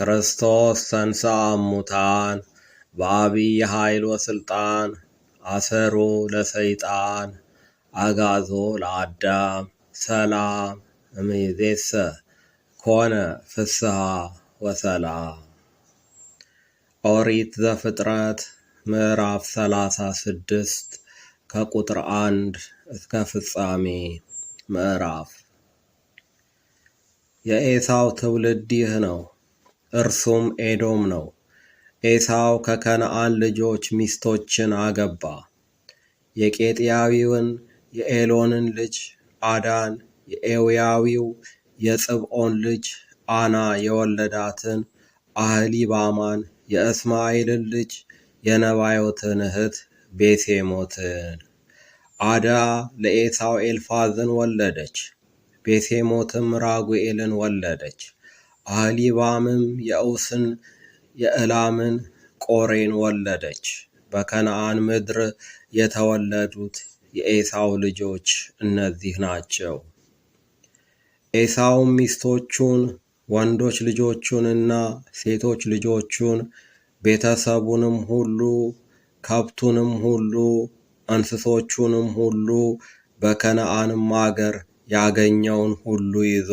ክርስቶስ ተንሥአ እሙታን በአቢይ ኃይል ወስልጣን አሰሮ ለሰይጣን አጋዞ ለአዳም ሰላም እምይእዜሰ ኮነ ፍስሐ ወሰላም። ኦሪት ዘፍጥረት ምዕራፍ ሰላሳ ስድስት ከቁጥር አንድ እስከ ፍጻሜ ምዕራፍ። የኤሳው ትውልድ ይህ ነው። እርሱም ኤዶም ነው። ኤሳው ከከነአን ልጆች ሚስቶችን አገባ። የቄጥያዊውን የኤሎንን ልጅ አዳን፣ የኤውያዊው የጽብዖን ልጅ አና የወለዳትን አህሊባማን፣ የእስማኤልን ልጅ የነባዮትን እህት ቤሴሞትን። አዳ ለኤሳው ኤልፋዝን ወለደች። ቤሴሞትም ራጉኤልን ወለደች። አሊባምም የዑስን የዕላምን ቆሬን ወለደች። በከነዓን ምድር የተወለዱት የኤሳው ልጆች እነዚህ ናቸው። ኤሳውም ሚስቶቹን፣ ወንዶች ልጆቹንና ሴቶች ልጆቹን፣ ቤተሰቡንም ሁሉ፣ ከብቱንም ሁሉ፣ እንስሶቹንም ሁሉ በከነዓንም አገር ያገኘውን ሁሉ ይዞ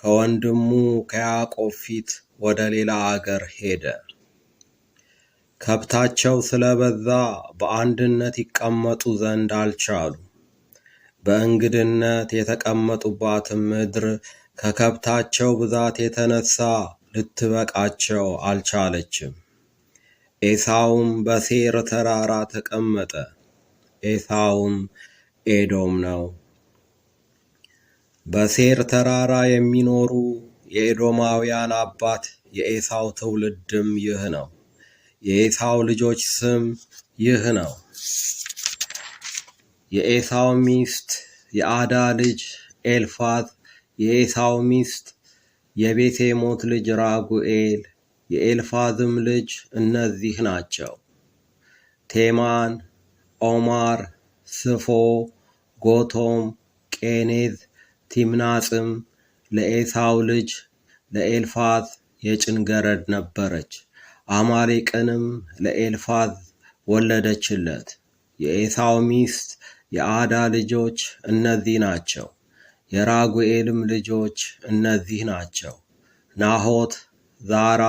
ከወንድሙ ከያዕቆብ ፊት ወደ ሌላ አገር ሄደ። ከብታቸው ስለበዛ በአንድነት ይቀመጡ ዘንድ አልቻሉ። በእንግድነት የተቀመጡባትም ምድር ከከብታቸው ብዛት የተነሳ ልትበቃቸው አልቻለችም። ኤሳውም በሴር ተራራ ተቀመጠ። ኤሳውም ኤዶም ነው። በሴር ተራራ የሚኖሩ የኤዶማውያን አባት የኤሳው ትውልድም ይህ ነው። የኤሳው ልጆች ስም ይህ ነው። የኤሳው ሚስት የአዳ ልጅ ኤልፋዝ፣ የኤሳው ሚስት የቤሴሞት ልጅ ራጉኤል፣ የኤልፋዝም ልጅ እነዚህ ናቸው፦ ቴማን፣ ኦማር፣ ስፎ፣ ጎቶም፣ ቄኔዝ ቲምናጽም ለኤሳው ልጅ ለኤልፋዝ የጭንገረድ ነበረች። አማሌቅንም ለኤልፋዝ ወለደችለት። የኤሳው ሚስት የአዳ ልጆች እነዚህ ናቸው። የራጉኤልም ልጆች እነዚህ ናቸው፣ ናሆት፣ ዛራ፣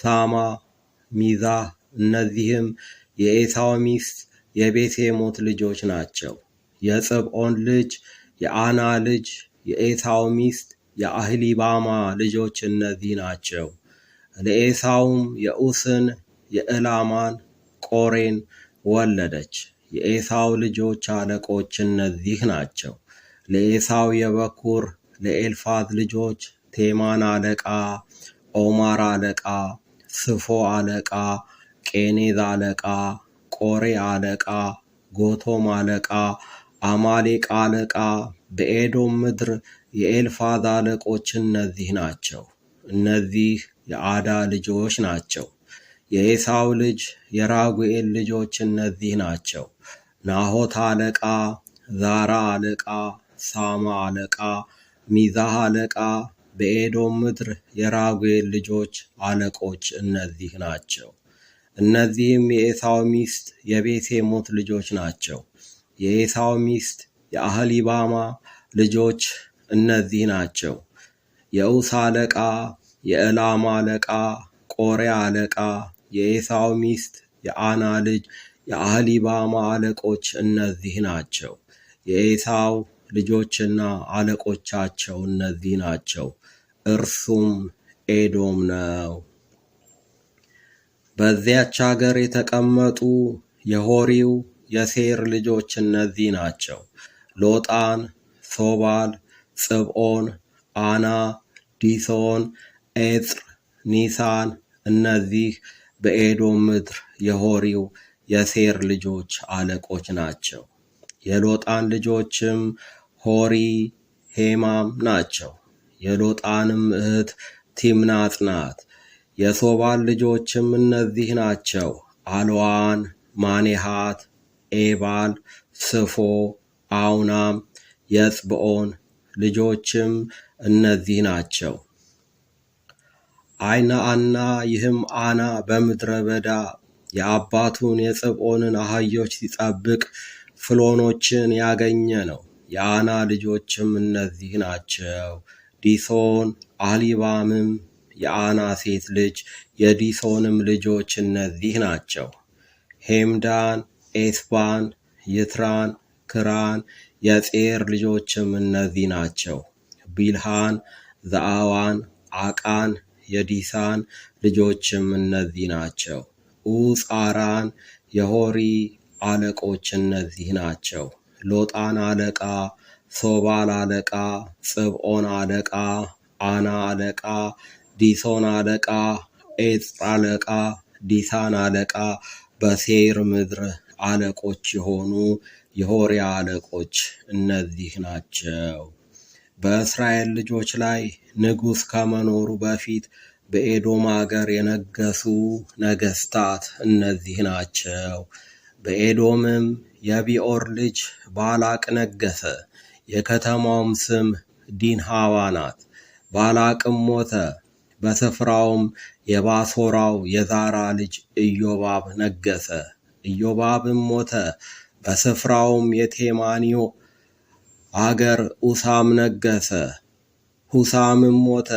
ሳማ፣ ሚዛ እነዚህም የኤሳው ሚስት የቤሴሞት ልጆች ናቸው። የጽብዖን ልጅ የአና ልጅ የኤሳው ሚስት የአህሊባማ ልጆች እነዚህ ናቸው። ለኤሳውም የኡስን የዕላማን፣ ቆሬን ወለደች። የኤሳው ልጆች አለቆች እነዚህ ናቸው። ለኤሳው የበኩር ለኤልፋዝ ልጆች ቴማን አለቃ፣ ኦማር አለቃ፣ ስፎ አለቃ፣ ቄኔዝ አለቃ፣ ቆሬ አለቃ፣ ጎቶም አለቃ አማሌቅ አለቃ፣ በኤዶም ምድር የኤልፋዝ አለቆች እነዚህ ናቸው። እነዚህ የአዳ ልጆች ናቸው። የኤሳው ልጅ የራጉኤል ልጆች እነዚህ ናቸው። ናሆት አለቃ፣ ዛራ አለቃ፣ ሳማ አለቃ፣ ሚዛህ አለቃ። በኤዶም ምድር የራጉኤል ልጆች አለቆች እነዚህ ናቸው። እነዚህም የኤሳው ሚስት የቤሴሞት ልጆች ናቸው። የኤሳው ሚስት የአህሊባማ ልጆች እነዚህ ናቸው። የኡሳ አለቃ፣ የዕላማ አለቃ፣ ቆሬ አለቃ። የኤሳው ሚስት የአና ልጅ የአህሊባማ አለቆች እነዚህ ናቸው። የኤሳው ልጆችና አለቆቻቸው እነዚህ ናቸው። እርሱም ኤዶም ነው። በዚያች አገር የተቀመጡ የሆሪው የሴር ልጆች እነዚህ ናቸው፣ ሎጣን፣ ሶባል፣ ጽብዖን፣ አና፣ ዲሶን፣ ኤጽር፣ ኒሳን። እነዚህ በኤዶም ምድር የሆሪው የሴር ልጆች አለቆች ናቸው። የሎጣን ልጆችም ሆሪ፣ ሄማም ናቸው። የሎጣንም እህት ቲምናት ናት። የሶባል ልጆችም እነዚህ ናቸው፣ አልዋን፣ ማኔሃት፣ ኤባል፣ ስፎ፣ አውናም፣ የጽብኦን ልጆችም እነዚህ ናቸው። አይናአና ይህም አና በምድረ በዳ የአባቱን የጽብኦንን አህዮች ሲጠብቅ ፍሎኖችን ያገኘ ነው። የአና ልጆችም እነዚህ ናቸው። ዲሶን አህሊባምም የአና ሴት ልጅ የዲሶንም ልጆች እነዚህ ናቸው። ሄምዳን ኤትባን፣ ይትራን፣ ክራን የጼር ልጆችም እነዚህ ናቸው። ቢልሃን ዘአዋን፣ አቃን የዲሳን ልጆችም እነዚህ ናቸው። ዑፅ፣ የሆሪ አለቆች እነዚህ ናቸው። ሎጣን አለቃ፣ ሶባል አለቃ፣ ጽብኦን አለቃ፣ አና አለቃ፣ ዲሶን አለቃ፣ ኤጽ አለቃ፣ ዲሳን አለቃ በሴይር ምድር አለቆች የሆኑ የሆሪያ አለቆች እነዚህ ናቸው። በእስራኤል ልጆች ላይ ንጉሥ ከመኖሩ በፊት በኤዶም አገር የነገሱ ነገስታት እነዚህ ናቸው። በኤዶምም የቢኦር ልጅ ባላቅ ነገሰ። የከተማውም ስም ዲንሃባ ናት። ባላቅም ሞተ። በስፍራውም የባሶራው የዛራ ልጅ ኢዮባብ ነገሰ። ኢዮባብም ሞተ። በስፍራውም የቴማኒዮ አገር ኡሳም ነገሰ። ሁሳምም ሞተ።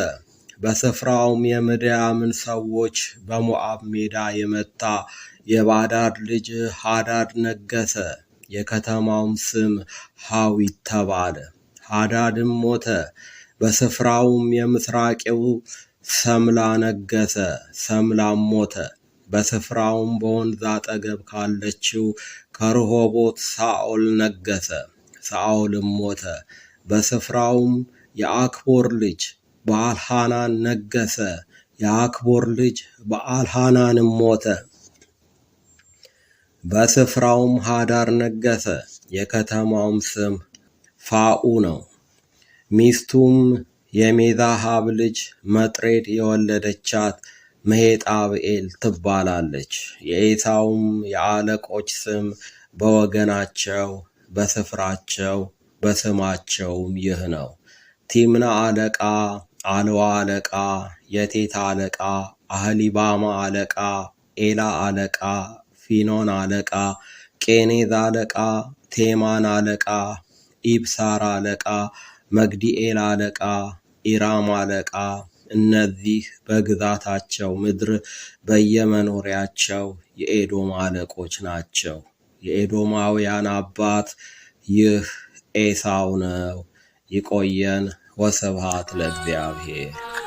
በስፍራውም የምድያምን ሰዎች በሞአብ ሜዳ የመታ የባዳድ ልጅ ሃዳድ ነገሰ። የከተማውም ስም ሐዊት ተባለ። ሃዳድም ሞተ። በስፍራውም የምስራቄው ሰምላ ነገሰ። ሰምላም ሞተ። በስፍራውም በወንዝ አጠገብ ካለችው ከርሆቦት ሳኦል ነገሰ ሳኦልም ሞተ። በስፍራውም የአክቦር ልጅ በአልሃናን ነገሰ የአክቦር ልጅ በአልሃናንም ሞተ። በስፍራውም ሃዳር ነገሰ የከተማውም ስም ፋኡ ነው። ሚስቱም የሜዛሃብ ልጅ መጥሬድ የወለደቻት ምሄጣብኤል ትባላለች። የኤሳውም የአለቆች ስም በወገናቸው በስፍራቸው በስማቸውም ይህ ነው። ቲምና አለቃ፣ አልዋ አለቃ፣ የቴታ አለቃ፣ አህሊባማ አለቃ፣ ኤላ አለቃ፣ ፊኖን አለቃ፣ ቄኔዝ አለቃ፣ ቴማን አለቃ፣ ኢብሳር አለቃ፣ መግዲኤል አለቃ፣ ኢራም አለቃ እነዚህ በግዛታቸው ምድር በየመኖሪያቸው የኤዶም አለቆች ናቸው። የኤዶማውያን አባት ይህ ኤሳው ነው። ይቆየን። ወስብሐት ለእግዚአብሔር።